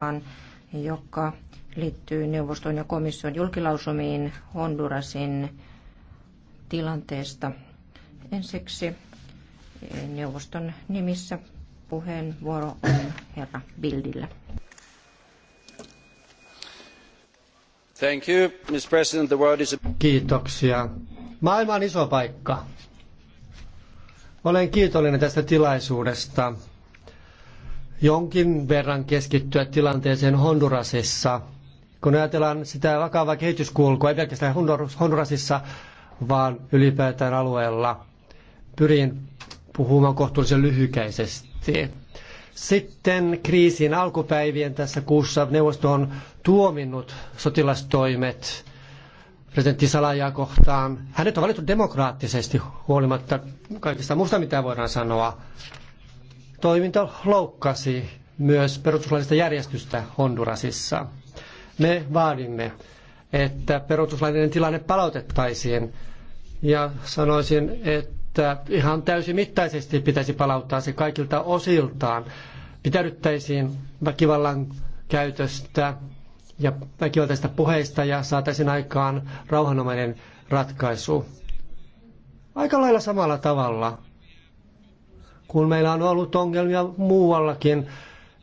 asiaan, joka liittyy neuvoston ja komission julkilausumiin Hondurasin tilanteesta. Ensiksi neuvoston nimissä puheenvuoro on herra Bildillä. Thank you, President. The world is a... Kiitoksia. Maailma on iso paikka. Olen kiitollinen tästä tilaisuudesta jonkin verran keskittyä tilanteeseen Hondurasissa. Kun ajatellaan sitä vakavaa kehityskulkua, ei pelkästään Hondurasissa, vaan ylipäätään alueella, pyrin puhumaan kohtuullisen lyhykäisesti. Sitten kriisin alkupäivien tässä kuussa neuvosto on tuominnut sotilastoimet presidentti Salajaa kohtaan. Hänet on valittu demokraattisesti huolimatta kaikista muusta, mitä voidaan sanoa toiminta loukkasi myös perustuslaillista järjestystä Hondurasissa. Me vaadimme, että perustuslaillinen tilanne palautettaisiin ja sanoisin, että ihan täysimittaisesti pitäisi palauttaa se kaikilta osiltaan. Pitäydyttäisiin väkivallan käytöstä ja väkivaltaisista puheista ja saataisiin aikaan rauhanomainen ratkaisu. Aika lailla samalla tavalla kun meillä on ollut ongelmia muuallakin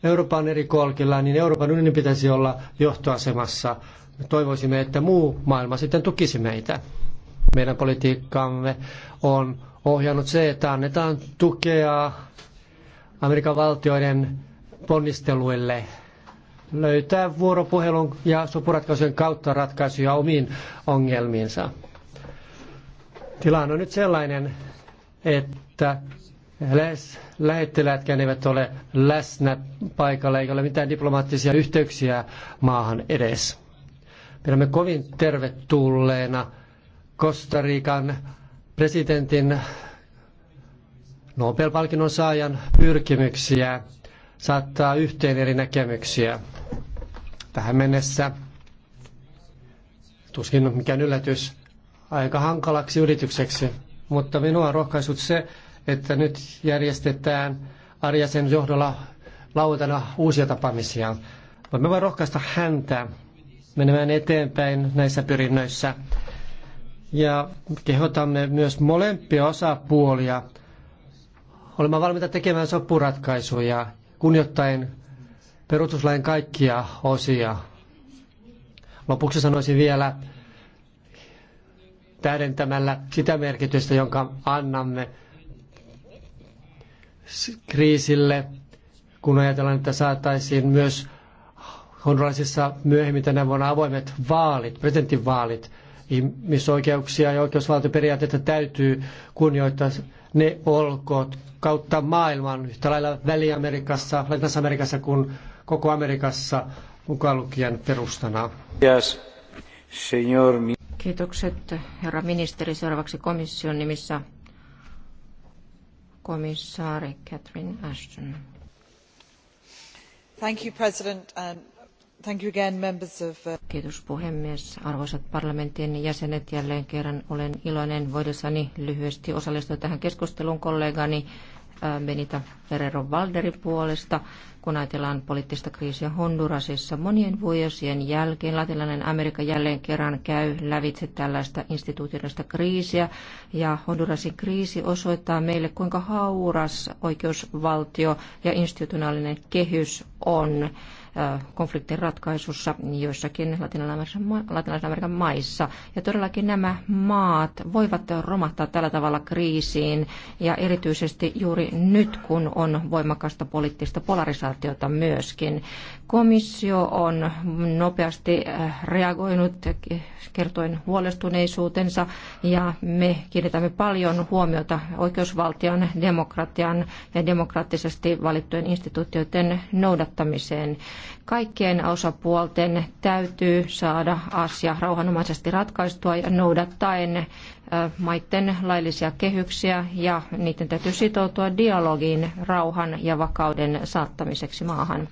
Euroopan eri kolkilla, niin Euroopan unionin pitäisi olla johtoasemassa. Me toivoisimme, että muu maailma sitten tukisi meitä. Meidän politiikkaamme on ohjannut se, että annetaan tukea Amerikan valtioiden ponnisteluille löytää vuoropuhelun ja sopuratkaisujen kautta ratkaisuja omiin ongelmiinsa. Tilanne on nyt sellainen, että lähes lähettiläätkään eivät ole läsnä paikalla, eikä ole mitään diplomaattisia yhteyksiä maahan edes. Pidämme kovin tervetulleena Kostariikan presidentin Nobel-palkinnon saajan pyrkimyksiä saattaa yhteen eri näkemyksiä. Tähän mennessä tuskin on mikään yllätys aika hankalaksi yritykseksi, mutta minua on rohkaisut se, että nyt järjestetään Arjasen johdolla lautana uusia tapaamisia. Voimme vain rohkaista häntä menemään eteenpäin näissä pyrinnöissä. Ja kehotamme myös molempia osapuolia olemaan valmiita tekemään sopuratkaisuja kunnioittaen perustuslain kaikkia osia. Lopuksi sanoisin vielä täydentämällä sitä merkitystä, jonka annamme kriisille, kun ajatellaan, että saataisiin myös Hondurasissa myöhemmin tänä vuonna avoimet vaalit, presidentinvaalit, ihmisoikeuksia ja oikeusvaltioperiaatteita täytyy kunnioittaa ne olkoot kautta maailman, yhtä lailla Väli-Amerikassa, Latinassa-Amerikassa kuin koko Amerikassa mukaan lukien perustana. Yes, Kiitokset, herra ministeri. Seuraavaksi komission nimissä komissaari Catherine Ashton. Thank uh, Kiitos puhemies. Arvoisat parlamentin jäsenet, jälleen kerran olen iloinen voidessani lyhyesti osallistua tähän keskusteluun kollegani Benita Ferrero Valderin puolesta, kun ajatellaan poliittista kriisiä Hondurasissa. Monien vuosien jälkeen latinalainen Amerikka jälleen kerran käy lävitse tällaista instituutioista kriisiä, ja Hondurasin kriisi osoittaa meille, kuinka hauras oikeusvaltio ja institutionaalinen kehys on. Äh, konfliktin ratkaisussa joissakin latinalaisen Amerikan maissa. Ja todellakin nämä maat voivat romahtaa tällä tavalla kriisiin ja erityisesti juuri nyt, kun on voimakasta poliittista polarisaatiota myöskin. Komissio on nopeasti äh, reagoinut kertoen huolestuneisuutensa ja me kiinnitämme paljon huomiota oikeusvaltion, demokratian ja demokraattisesti valittujen instituutioiden noudattamiseen. Kaikkien osapuolten täytyy saada asia rauhanomaisesti ratkaistua ja noudattaen maiden laillisia kehyksiä ja niiden täytyy sitoutua dialogiin rauhan ja vakauden saattamiseksi maahan.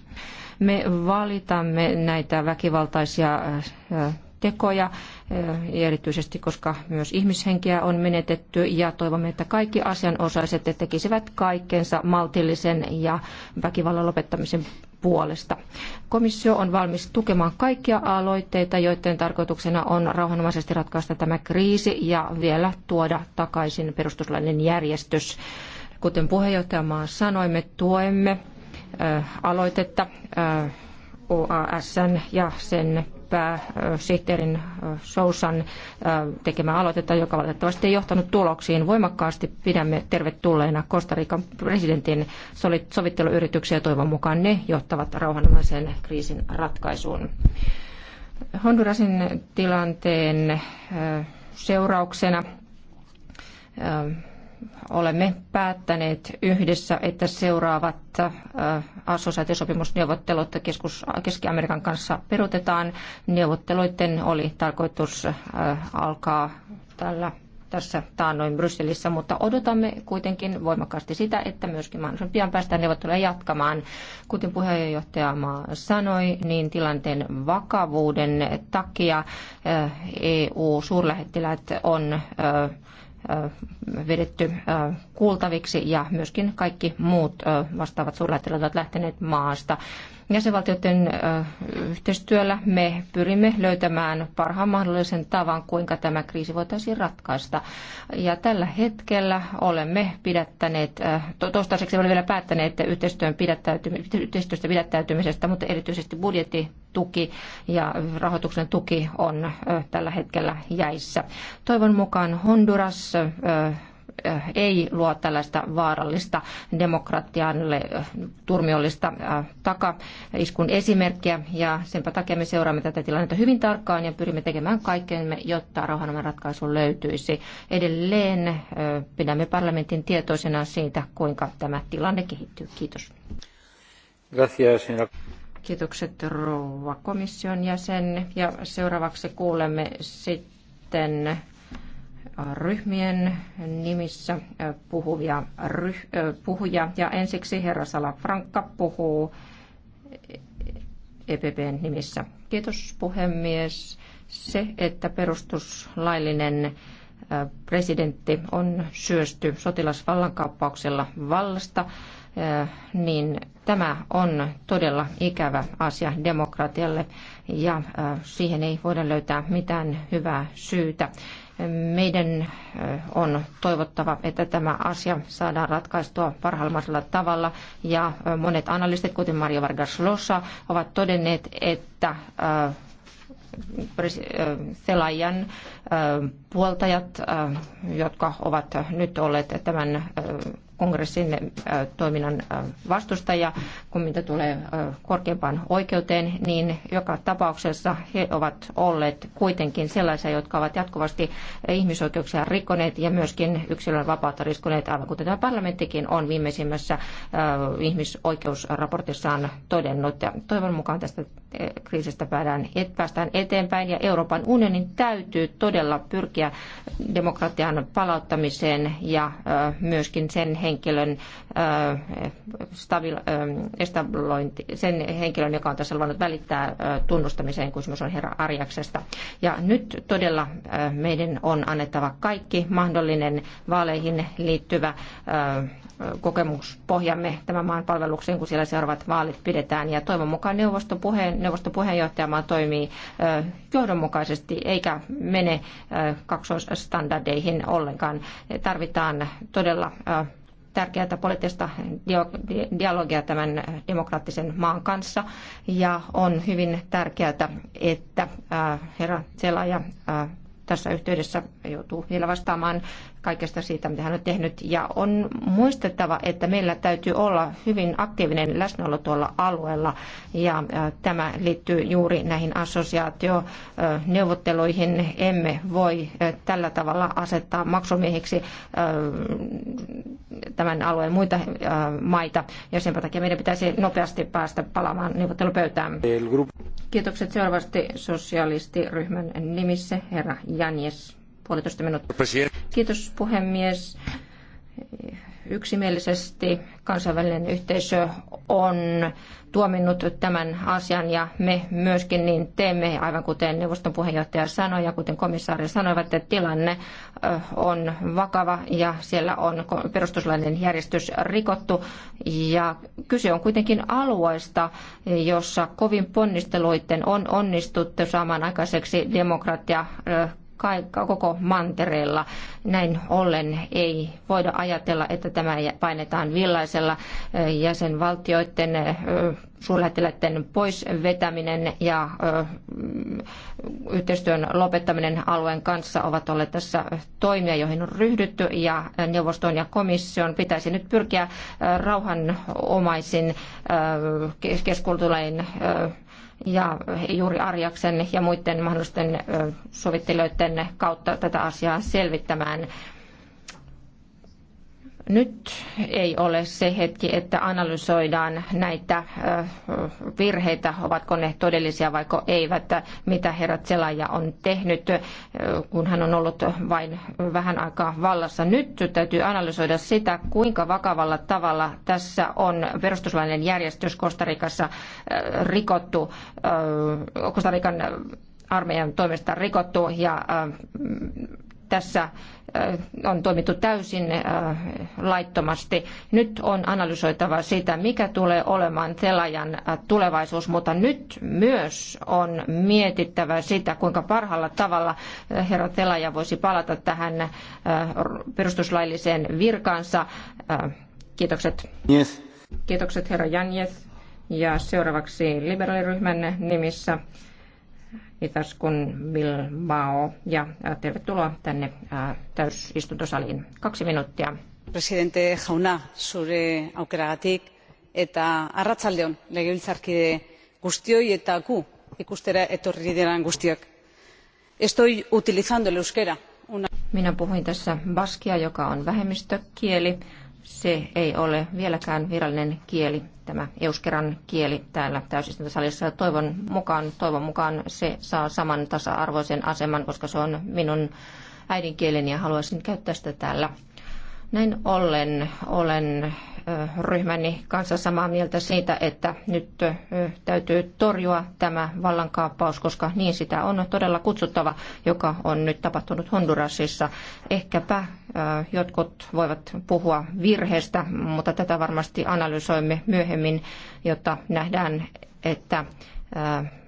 Me valitamme näitä väkivaltaisia tekoja, erityisesti koska myös ihmishenkiä on menetetty ja toivomme, että kaikki asianosaiset tekisivät kaikkensa maltillisen ja väkivallan lopettamisen puolesta. Komissio on valmis tukemaan kaikkia aloitteita, joiden tarkoituksena on rauhanomaisesti ratkaista tämä kriisi ja vielä tuoda takaisin perustuslainen järjestys. Kuten puheenjohtajamaa sanoi, me tuemme aloitetta OASN ja sen pääsihteerin Sousan tekemä aloitetta, joka valitettavasti ei johtanut tuloksiin. Voimakkaasti pidämme tervetulleena Kostariikan presidentin sovitteluyrityksiä ja toivon mukaan ne johtavat rauhanomaisen kriisin ratkaisuun. Hondurasin tilanteen seurauksena olemme päättäneet yhdessä, että seuraavat assosiaatiosopimusneuvottelut Keski-Amerikan kanssa perutetaan. Neuvotteluiden oli tarkoitus alkaa tällä tässä taannoin Brysselissä, mutta odotamme kuitenkin voimakkaasti sitä, että myöskin mahdollisimman pian päästään neuvotteluja jatkamaan. Kuten Maa sanoi, niin tilanteen vakavuuden takia EU-suurlähettiläät on vedetty kuultaviksi ja myöskin kaikki muut vastaavat suurlähettiläät ovat lähteneet maasta. Jäsenvaltioiden yhteistyöllä me pyrimme löytämään parhaan mahdollisen tavan, kuinka tämä kriisi voitaisiin ratkaista. Ja tällä hetkellä olemme pidättäneet, toistaiseksi olemme vielä päättäneet yhteistyön pidättäytymisestä, yhteistyöstä pidättäytymisestä, mutta erityisesti budjettituki ja rahoituksen tuki on tällä hetkellä jäissä. Toivon mukaan Honduras ei luo tällaista vaarallista demokratialle turmiollista takaiskun esimerkkiä ja senpä takia me seuraamme tätä tilannetta hyvin tarkkaan ja pyrimme tekemään kaikkemme, jotta rauhanomainen ratkaisu löytyisi. Edelleen pidämme parlamentin tietoisena siitä, kuinka tämä tilanne kehittyy. Kiitos. Gracias, Kiitokset rouva komission jäsen. Ja seuraavaksi kuulemme sitten ryhmien nimissä puhuvia ryh, puhuja. Ja ensiksi herra Frankka puhuu EPPn nimissä. Kiitos puhemies. Se, että perustuslaillinen presidentti on syösty sotilasvallankaappauksella vallasta, niin tämä on todella ikävä asia demokratialle ja siihen ei voida löytää mitään hyvää syytä. Meidän on toivottava, että tämä asia saadaan ratkaistua parhaimmalla tavalla. Ja monet analystit, kuten Mario Vargas Llosa, ovat todenneet, että Selajan puoltajat, jotka ovat nyt olleet tämän kongressin toiminnan vastustaja, kun mitä tulee korkeimpaan oikeuteen, niin joka tapauksessa he ovat olleet kuitenkin sellaisia, jotka ovat jatkuvasti ihmisoikeuksia rikkoneet ja myöskin yksilön vapautta riskoneet, aivan kuten tämä parlamenttikin on viimeisimmässä ihmisoikeusraportissaan todennut. Ja toivon mukaan tästä kriisistä päästään eteenpäin ja Euroopan unionin täytyy todella pyrkiä demokratian palauttamiseen ja myöskin sen henkilöön, henkilön äh, äh, establointi, sen henkilön, joka on tässä luvannut välittää äh, tunnustamiseen, kun on herra Arjaksesta. Ja nyt todella meidän on annettava kaikki mahdollinen vaaleihin liittyvä kokemuspohjamme tämän maan palvelukseen, kun siellä seuraavat vaalit pidetään. Ja toivon mukaan neuvoston, puheen, neuvoston puheenjohtajamaa toimii johdonmukaisesti eikä mene kaksoisstandardeihin ollenkaan. Tarvitaan todella tärkeää poliittista dialogia tämän demokraattisen maan kanssa ja on hyvin tärkeää, että herra Zelaya tässä yhteydessä joutuu vielä vastaamaan kaikesta siitä, mitä hän on tehnyt. Ja on muistettava, että meillä täytyy olla hyvin aktiivinen läsnäolo tuolla alueella. Ja äh, tämä liittyy juuri näihin assosiaationeuvotteluihin. Emme voi äh, tällä tavalla asettaa maksumiehiksi äh, tämän alueen muita maita. Ja sen takia meidän pitäisi nopeasti päästä palaamaan neuvottelupöytään. Kiitokset seuraavasti sosialistiryhmän nimissä herra Janjes, puolitoista minuuttia. Kiitos puhemies. Yksimielisesti kansainvälinen yhteisö on tuominnut tämän asian ja me myöskin niin teemme, aivan kuten neuvoston puheenjohtaja sanoi ja kuten komissaari sanoivat, että tilanne on vakava ja siellä on perustuslainen järjestys rikottu ja kyse on kuitenkin alueesta, jossa kovin ponnisteluiden on onnistuttu saamaan aikaiseksi demokratia koko mantereella. Näin ollen ei voida ajatella, että tämä painetaan villaisella jäsenvaltioiden suurlähettiläiden pois vetäminen ja mm, yhteistyön lopettaminen alueen kanssa ovat olleet tässä toimia, joihin on ryhdytty ja neuvoston ja komission pitäisi nyt pyrkiä rauhanomaisin keskustelujen ja juuri Arjaksen ja muiden mahdollisten sovittelijoiden kautta tätä asiaa selvittämään. Nyt ei ole se hetki, että analysoidaan näitä virheitä, ovatko ne todellisia vai eivät, mitä herra Zelaja on tehnyt, kun hän on ollut vain vähän aikaa vallassa. Nyt täytyy analysoida sitä, kuinka vakavalla tavalla tässä on perustuslainen järjestys Kostarikassa rikottu, Kostarikan armeijan toimesta rikottu ja tässä äh, on toimittu täysin äh, laittomasti. Nyt on analysoitava sitä, mikä tulee olemaan telajan äh, tulevaisuus, mutta nyt myös on mietittävä sitä, kuinka parhaalla tavalla herra telaja voisi palata tähän perustuslailliseen virkaansa. Kiitokset. Yes. Kiitokset herra Janjes. Ja seuraavaksi liberaaliryhmän nimissä Itaskun Bilbao. Ja tervetuloa tänne täysistuntosaliin. Kaksi minuuttia. Presidente Jauna, sure aukeragatik eta arratsaldeon legebiltzarkide guztioi eta gu ikustera etorri gustiak. guztiak. Estoy utilizando el euskera. Una... Minä puhuin tässä baskia, joka on vähemmistökieli se ei ole vieläkään virallinen kieli, tämä euskeran kieli täällä täysistuntosalissa. Toivon mukaan, toivon mukaan se saa saman tasa-arvoisen aseman, koska se on minun äidinkieleni ja haluaisin käyttää sitä täällä näin ollen olen ryhmäni kanssa samaa mieltä siitä, että nyt täytyy torjua tämä vallankaappaus, koska niin sitä on todella kutsuttava, joka on nyt tapahtunut Hondurasissa. Ehkäpä jotkut voivat puhua virheestä, mutta tätä varmasti analysoimme myöhemmin, jotta nähdään, että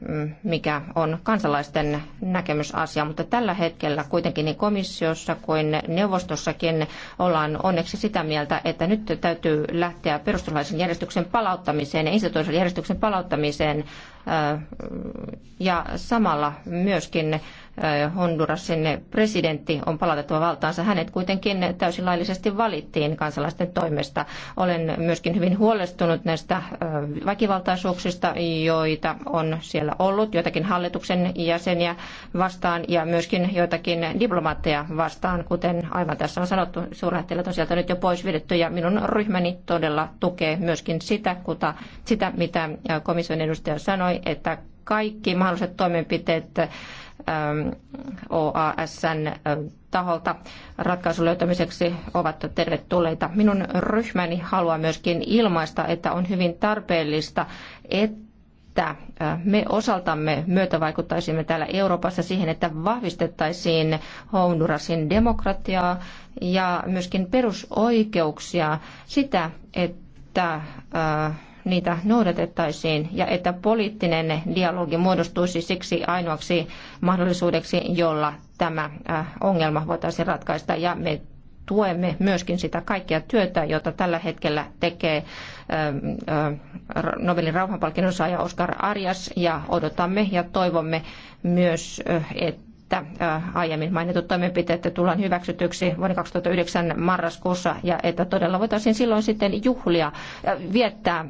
Mm, mikä on kansalaisten näkemys mutta tällä hetkellä kuitenkin niin komissiossa kuin neuvostossakin ollaan onneksi sitä mieltä, että nyt täytyy lähteä perustuslaisen järjestyksen palauttamiseen ja institutionaalisen järjestyksen palauttamiseen äh, ja samalla myöskin äh, Hondurasin presidentti on palautettava valtaansa. Hänet kuitenkin täysin laillisesti valittiin kansalaisten toimesta. Olen myöskin hyvin huolestunut näistä äh, väkivaltaisuuksista, joita on siellä ollut joitakin hallituksen jäseniä vastaan ja myöskin joitakin diplomaatteja vastaan, kuten aivan tässä on sanottu, suurlähettiläät on sieltä nyt jo pois vedetty ja minun ryhmäni todella tukee myöskin sitä, kuta, sitä mitä komission edustaja sanoi, että kaikki mahdolliset toimenpiteet OASn taholta ratkaisun löytämiseksi ovat tervetulleita. Minun ryhmäni haluaa myöskin ilmaista, että on hyvin tarpeellista, että että me osaltamme myötävaikuttaisimme täällä Euroopassa siihen, että vahvistettaisiin Hondurasin demokratiaa ja myöskin perusoikeuksia sitä, että niitä noudatettaisiin ja että poliittinen dialogi muodostuisi siksi ainoaksi mahdollisuudeksi, jolla tämä ongelma voitaisiin ratkaista. Ja me tuemme myöskin sitä kaikkea työtä, jota tällä hetkellä tekee ähm, äh, Nobelin rauhanpalkinnon saaja Oskar Arias ja odotamme ja toivomme myös, äh, että että aiemmin mainitut toimenpiteet tullaan hyväksytyksi vuoden 2009 marraskuussa ja että todella voitaisiin silloin sitten juhlia, viettää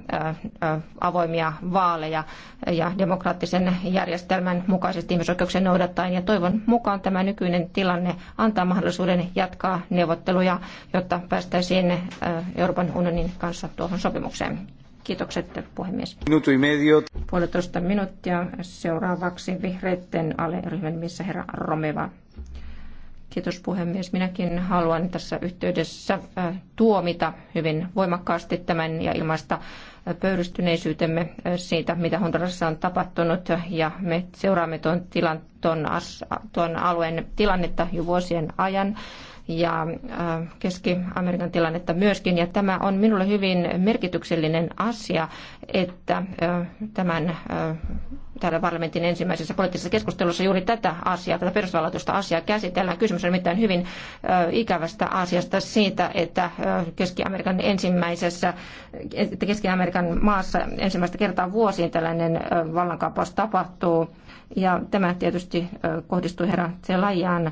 avoimia vaaleja ja demokraattisen järjestelmän mukaisesti ihmisoikeuksia noudattaen. Ja toivon mukaan tämä nykyinen tilanne antaa mahdollisuuden jatkaa neuvotteluja, jotta päästäisiin Euroopan unionin kanssa tuohon sopimukseen. Kiitokset puhemies. Minuutin medio. Puolitoista minuuttia. Seuraavaksi vihreitten aleryhmän, missä herra Romeva. Kiitos puhemies. Minäkin haluan tässä yhteydessä äh, tuomita hyvin voimakkaasti tämän ja ilmaista äh, pöyristyneisyytemme äh, siitä, mitä Hondurassa on tapahtunut. Ja me seuraamme tuon, tilan, tuon, tuon alueen tilannetta jo vuosien ajan ja äh, Keski-Amerikan tilannetta myöskin. Ja tämä on minulle hyvin merkityksellinen asia, että äh, tämän äh, täällä parlamentin ensimmäisessä poliittisessa keskustelussa juuri tätä asiaa, tätä perusvalloitusta asiaa käsitellään. Kysymys on nimittäin hyvin ikävästä asiasta siitä, että Keski-Amerikan ensimmäisessä, että Keski-Amerikan maassa ensimmäistä kertaa vuosiin tällainen vallankaappaus tapahtuu. Ja tämä tietysti kohdistuu herra Zelajaan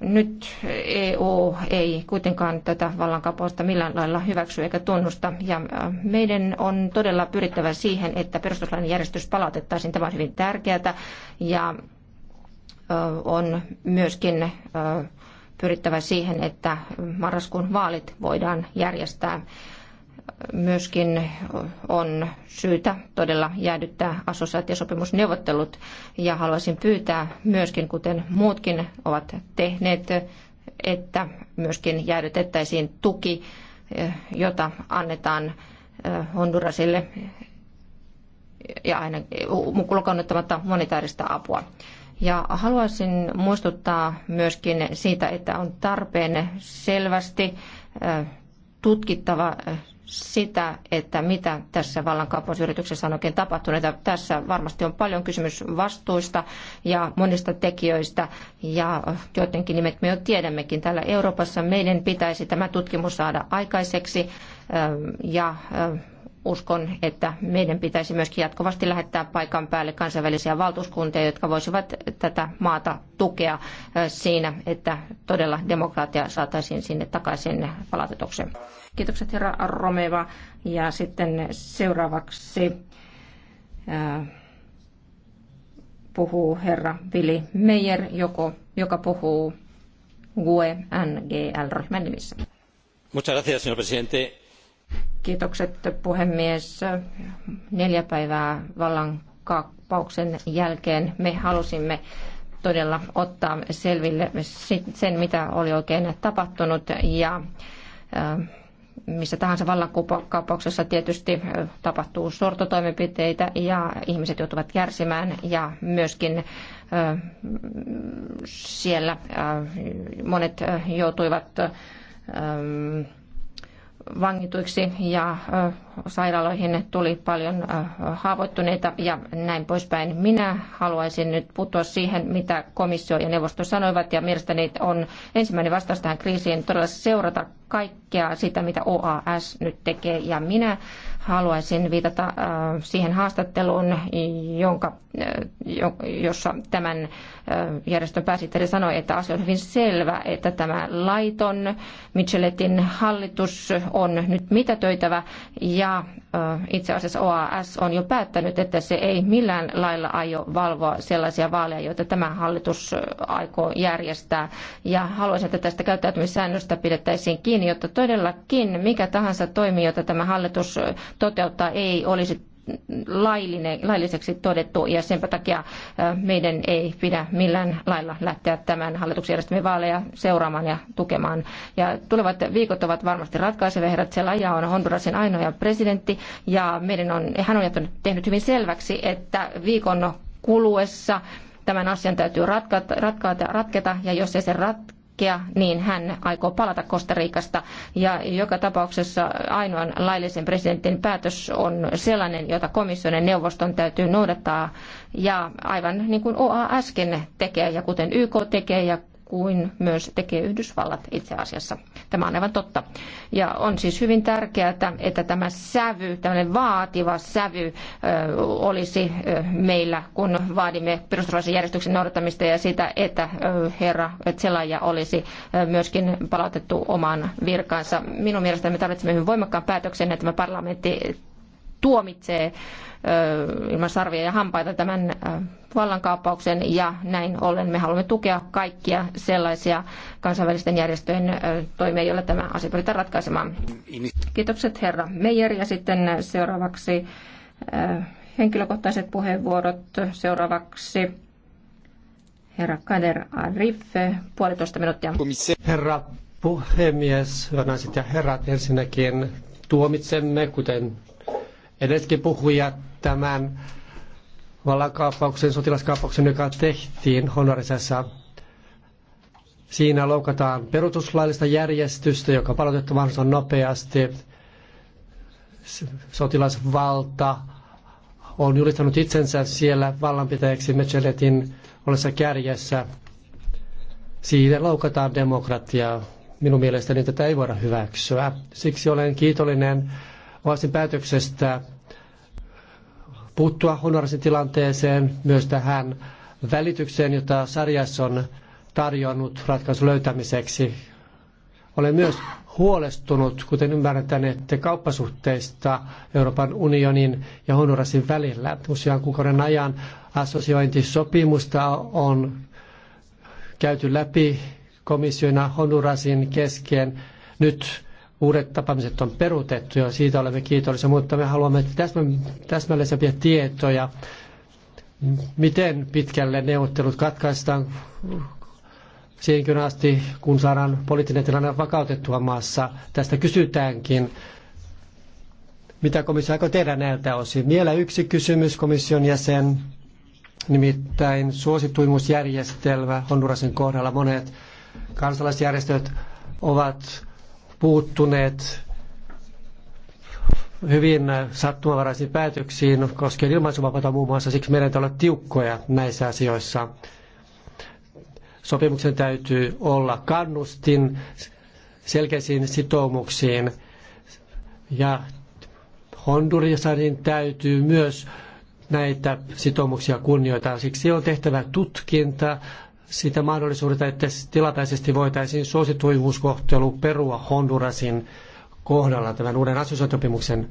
nyt EU ei kuitenkaan tätä vallankapausta millään lailla hyväksy eikä tunnusta. Ja meidän on todella pyrittävä siihen, että perustuslain järjestys palautettaisiin. Tämä on hyvin tärkeää ja on myöskin pyrittävä siihen, että marraskuun vaalit voidaan järjestää myöskin on syytä todella jäädyttää assosiaatiosopimusneuvottelut ja haluaisin pyytää myöskin, kuten muutkin ovat tehneet, että myöskin jäädytettäisiin tuki, jota annetaan Hondurasille ja aina mukaan ottamatta monetaarista apua. Ja haluaisin muistuttaa myöskin siitä, että on tarpeen selvästi tutkittava sitä, että mitä tässä vallankaappausyrityksessä on oikein tapahtunut. Ja tässä varmasti on paljon kysymys vastuista ja monista tekijöistä ja joidenkin nimet me jo tiedämmekin. Täällä Euroopassa meidän pitäisi tämä tutkimus saada aikaiseksi ja uskon, että meidän pitäisi myöskin jatkuvasti lähettää paikan päälle kansainvälisiä valtuuskuntia, jotka voisivat tätä maata tukea siinä, että todella demokratia saataisiin sinne takaisin palautetuksi. Kiitokset herra Romeva. Ja sitten seuraavaksi puhuu herra Vili Meijer, joka puhuu GUE-NGL-ryhmän nimissä. Muchas gracias, señor presidente Kiitokset puhemies. Neljä päivää kaappauksen jälkeen me halusimme todella ottaa selville sen, mitä oli oikein tapahtunut ja missä tahansa vallankaappauksessa tietysti tapahtuu sortotoimenpiteitä ja ihmiset joutuvat kärsimään ja myöskin siellä monet joutuivat vangituiksi ja sairaaloihin tuli paljon äh, haavoittuneita ja näin poispäin. Minä haluaisin nyt puuttua siihen, mitä komissio ja neuvosto sanoivat ja mielestäni on ensimmäinen vastaus tähän kriisiin todella seurata kaikkea sitä, mitä OAS nyt tekee ja minä haluaisin viitata äh, siihen haastatteluun, jonka, äh, jossa tämän järjestön pääsihteeri sanoi, että asia on hyvin selvä, että tämä laiton Micheletin hallitus on nyt mitätöitävä ja ja itse asiassa OAS on jo päättänyt, että se ei millään lailla aio valvoa sellaisia vaaleja, joita tämä hallitus aikoo järjestää. Ja haluaisin, että tästä käyttäytymissäännöstä pidettäisiin kiinni, jotta todellakin mikä tahansa toimi, jota tämä hallitus toteuttaa, ei olisi laillinen, lailliseksi todettu ja sen takia meidän ei pidä millään lailla lähteä tämän hallituksen järjestämiä vaaleja seuraamaan ja tukemaan. Ja tulevat viikot ovat varmasti ratkaisevia. Herrat Selaja on Hondurasin ainoa presidentti ja meidän on, hän on jättänyt, tehnyt hyvin selväksi, että viikon kuluessa tämän asian täytyy ratkata, ratkata, ratketa ja jos ei se ratketa, kaikkea, niin hän aikoo palata Kostariikasta. Ja joka tapauksessa ainoan laillisen presidentin päätös on sellainen, jota komission ja neuvoston täytyy noudattaa. Ja aivan niin kuin OA äsken tekee ja kuten YK tekee ja kuin myös tekee Yhdysvallat itse asiassa. Tämä on aivan totta. Ja on siis hyvin tärkeää, että tämä sävy, tämmöinen vaativa sävy olisi meillä, kun vaadimme perustuslaisen järjestyksen noudattamista ja sitä, että herra Tselaja olisi myöskin palautettu omaan virkaansa. Minun mielestäni me tarvitsemme hyvin voimakkaan päätöksen, että tämä parlamentti tuomitsee ilman sarvia ja hampaita tämän vallankaappauksen ja näin ollen me haluamme tukea kaikkia sellaisia kansainvälisten järjestöjen toimia, joilla tämä asia pyritään ratkaisemaan. Kiitokset herra Meijer ja sitten seuraavaksi henkilökohtaiset puheenvuorot. Seuraavaksi herra Kader Arif, puolitoista minuuttia. Herra puhemies, hyvät naiset ja herrat, ensinnäkin tuomitsemme, kuten edeskin puhuja tämän vallankaappauksen, sotilaskaappauksen, joka tehtiin Honorisessa. Siinä loukataan perustuslaillista järjestystä, joka on palautettu mahdollisimman nopeasti. Sotilasvalta on julistanut itsensä siellä vallanpitäjäksi Mecheletin ollessa kärjessä. Siitä loukataan demokratiaa. Minun mielestäni tätä ei voida hyväksyä. Siksi olen kiitollinen OASin päätöksestä puuttua Honduraksin tilanteeseen, myös tähän välitykseen, jota Sarjas on tarjonnut ratkaisun löytämiseksi. Olen myös huolestunut, kuten ymmärretään, että kauppasuhteista Euroopan unionin ja Hondurasin välillä. Usean kuukauden ajan assosiointisopimusta on käyty läpi komissiona Honurasin kesken. Nyt uudet tapaamiset on peruutettu ja siitä olemme kiitollisia, mutta me haluamme täsmällisempiä tietoja, miten pitkälle neuvottelut katkaistaan siihenkin asti, kun saadaan poliittinen tilanne vakautettua maassa. Tästä kysytäänkin, mitä komissio aikoo tehdä näiltä osin. Vielä yksi kysymys komission jäsen, nimittäin suosituimusjärjestelmä Hondurasin kohdalla. Monet kansalaisjärjestöt ovat puuttuneet hyvin sattumanvaraisiin päätöksiin koskien ilmaisuvapautta muun muassa, siksi meidän täytyy olla tiukkoja näissä asioissa. Sopimuksen täytyy olla kannustin selkeisiin sitoumuksiin ja Hondursanin täytyy myös näitä sitoumuksia kunnioittaa. Siksi on tehtävä tutkinta, sitä mahdollisuutta, että tilapäisesti voitaisiin suosituimuuskohtelu perua Hondurasin kohdalla, tämän uuden assosiaatiopimuksen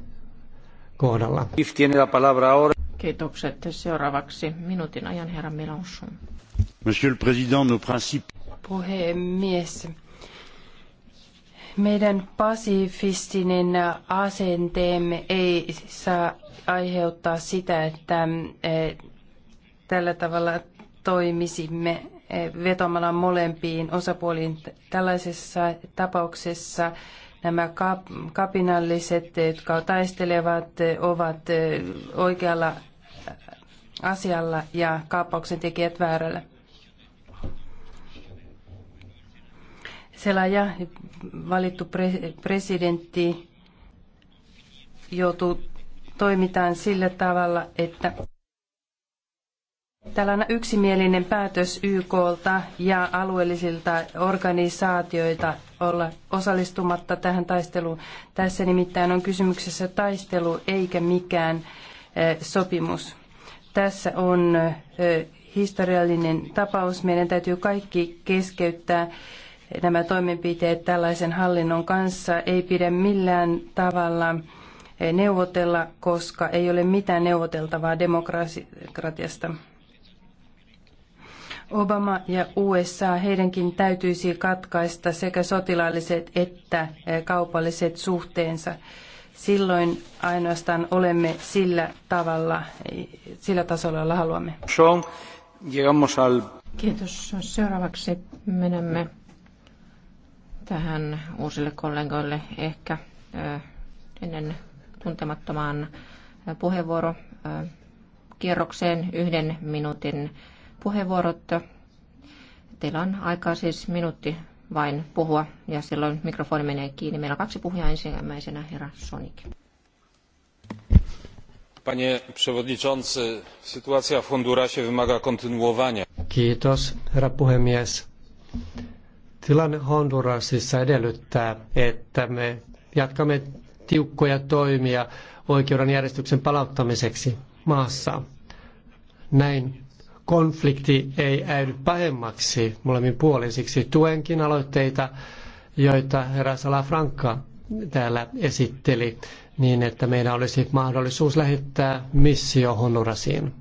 kohdalla. Kiitokset. Seuraavaksi minuutin ajan herra Mélenchon. Monsieur le Président, nos principes... Puhemies, meidän pasifistinen asenteemme ei saa aiheuttaa sitä, että eh, tällä tavalla toimisimme vetomalla molempiin osapuoliin. Tällaisessa tapauksessa nämä kapinalliset, jotka taistelevat, ovat oikealla asialla ja kaappauksen tekijät väärällä. Selaja, valittu pre- presidentti, joutuu toimitaan sillä tavalla, että Täällä on yksimielinen päätös YKlta ja alueellisilta organisaatioilta olla osallistumatta tähän taisteluun. Tässä nimittäin on kysymyksessä taistelu eikä mikään sopimus. Tässä on historiallinen tapaus. Meidän täytyy kaikki keskeyttää nämä toimenpiteet tällaisen hallinnon kanssa. Ei pidä millään tavalla neuvotella, koska ei ole mitään neuvoteltavaa demokratiasta. Obama ja USA, heidänkin täytyisi katkaista sekä sotilaalliset että eh, kaupalliset suhteensa. Silloin ainoastaan olemme sillä tavalla, eh, sillä tasolla, jolla haluamme. Kiitos. Seuraavaksi menemme tähän uusille kollegoille ehkä eh, ennen tuntemattomaan puheenvuorokierrokseen yhden minuutin puheenvuorot. Teillä on aikaa siis minuutti vain puhua ja silloin mikrofoni menee kiinni. Meillä on kaksi puhujaa ensimmäisenä, herra Sonik. Panie przewodniczący, sytuacja w Hondurasie wymaga kontynuowania. Kiitos, herra puhemies. Tilanne Hondurasissa edellyttää, että me jatkamme tiukkoja toimia järjestyksen palauttamiseksi maassa. Näin konflikti ei äydy pahemmaksi molemmin puolin. Siksi tuenkin aloitteita, joita herra Salafranca täällä esitteli, niin että meillä olisi mahdollisuus lähettää missio Hondurasiin.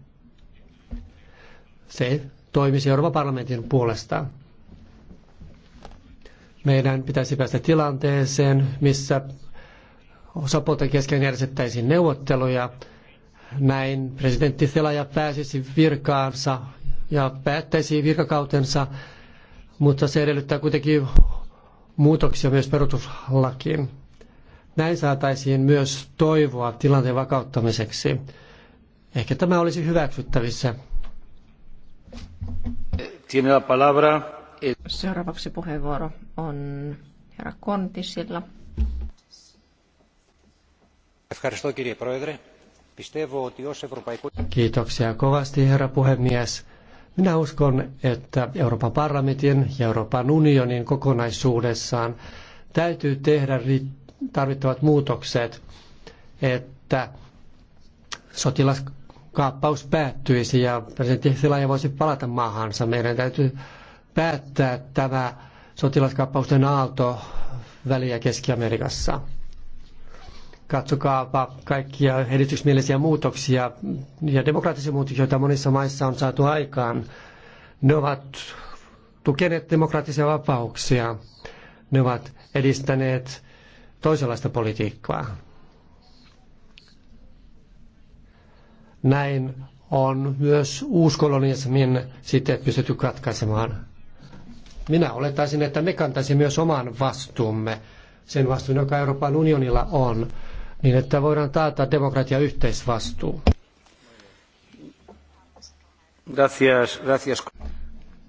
Se toimisi Euroopan parlamentin puolesta. Meidän pitäisi päästä tilanteeseen, missä osapuolten kesken järjestettäisiin neuvotteluja – näin presidentti Selaja pääsisi virkaansa ja päättäisi virkakautensa, mutta se edellyttää kuitenkin muutoksia myös perustuslakiin. Näin saataisiin myös toivoa tilanteen vakauttamiseksi. Ehkä tämä olisi hyväksyttävissä. Seuraavaksi puheenvuoro on herra Kontisilla. Ευχαριστώ κύριε Kiitoksia kovasti, herra puhemies. Minä uskon, että Euroopan parlamentin ja Euroopan unionin kokonaisuudessaan täytyy tehdä tarvittavat muutokset, että sotilaskaappaus päättyisi ja presidentti Silaja voisi palata maahansa. Meidän täytyy päättää tämä sotilaskaappausten aalto Väli- ja Keski-Amerikassa. Katsokaapa kaikkia edistysmielisiä muutoksia ja demokraattisia muutoksia, joita monissa maissa on saatu aikaan. Ne ovat tukeneet demokraattisia vapauksia. Ne ovat edistäneet toisenlaista politiikkaa. Näin on myös uuskolonismin sitten pystytty katkaisemaan. Minä olettaisin, että me kantaisimme myös oman vastuumme, sen vastuun, joka Euroopan unionilla on niin että voidaan taata demokratia yhteisvastuu. Gracias, gracias.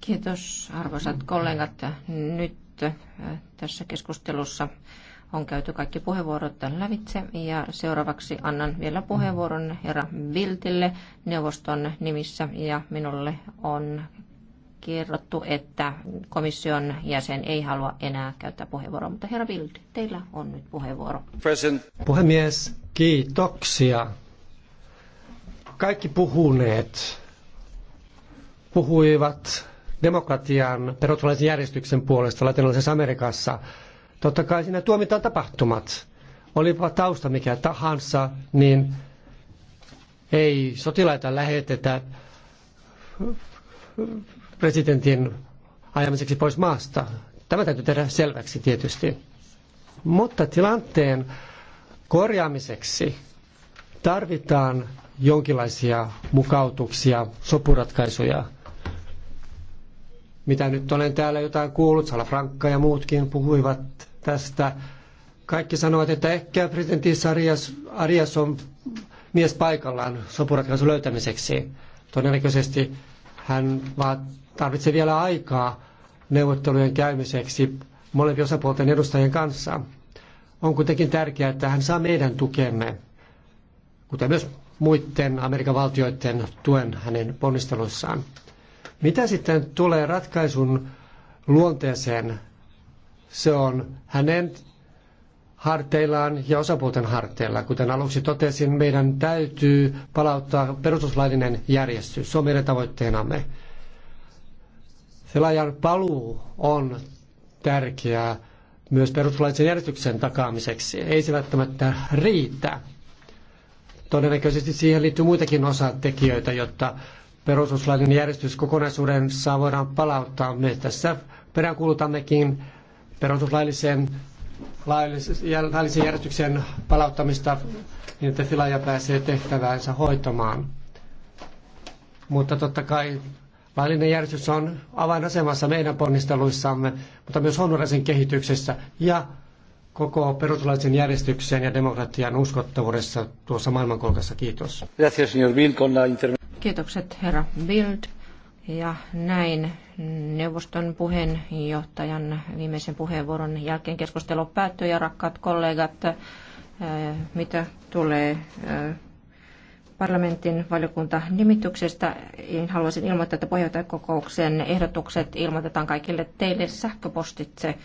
Kiitos arvoisat kollegat. Nyt äh, tässä keskustelussa on käyty kaikki puheenvuorot tämän lävitse ja seuraavaksi annan vielä puheenvuoron herra Viltille neuvoston nimissä ja minulle on kerrottu, että komission jäsen ei halua enää käyttää puheenvuoroa, mutta herra Wild, teillä on nyt puheenvuoro. President. Puhemies, kiitoksia. Kaikki puhuneet puhuivat demokratian perustuslaisen järjestyksen puolesta latinalaisessa Amerikassa. Totta kai siinä tuomitaan tapahtumat. Olipa tausta mikä tahansa, niin ei sotilaita lähetetä presidentin ajamiseksi pois maasta. Tämä täytyy tehdä selväksi tietysti. Mutta tilanteen korjaamiseksi tarvitaan jonkinlaisia mukautuksia, sopuratkaisuja. Mitä nyt olen täällä jotain kuullut, Frankka ja muutkin puhuivat tästä. Kaikki sanovat, että ehkä presidentti Arias, Arias on mies paikallaan sopuratkaisun löytämiseksi. Todennäköisesti hän vaan tarvitsee vielä aikaa neuvottelujen käymiseksi molempien osapuolten edustajien kanssa. On kuitenkin tärkeää, että hän saa meidän tukemme, kuten myös muiden Amerikan valtioiden tuen hänen ponnisteluissaan. Mitä sitten tulee ratkaisun luonteeseen, se on hänen harteillaan ja osapuolten harteilla. Kuten aluksi totesin, meidän täytyy palauttaa perustuslaillinen järjestys. Se on meidän tavoitteenamme. Selajan paluu on tärkeää myös perustuslaillisen järjestyksen takaamiseksi. Ei se välttämättä riitä. Todennäköisesti siihen liittyy muitakin osatekijöitä, jotta perustuslaillinen järjestys saa voidaan palauttaa. Me tässä peräänkuulutammekin perustuslaillisen laillisen järjestyksen palauttamista niin, että tilaaja pääsee tehtäväänsä hoitamaan. Mutta totta kai laillinen järjestys on avainasemassa meidän ponnisteluissamme, mutta myös Hondurasin kehityksessä ja koko perustuslaisen järjestyksen ja demokratian uskottavuudessa tuossa maailmankolkassa. Kiitos. Kiitokset herra Bild. Ja näin neuvoston puheenjohtajan viimeisen puheenvuoron jälkeen keskustelu päättyy ja rakkaat kollegat, äh, mitä tulee äh, parlamentin valiokunta nimityksestä. Niin haluaisin ilmoittaa, että puheenjohtajakokouksen ehdotukset ilmoitetaan kaikille teille sähköpostitse.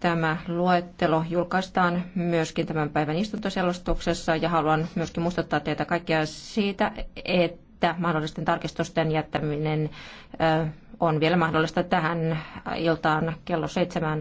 Tämä luettelo julkaistaan myöskin tämän päivän istuntoselostuksessa ja haluan myöskin muistuttaa teitä kaikkia siitä, että mahdollisten tarkistusten jättäminen äh, on vielä mahdollista tähän iltaan kello seitsemään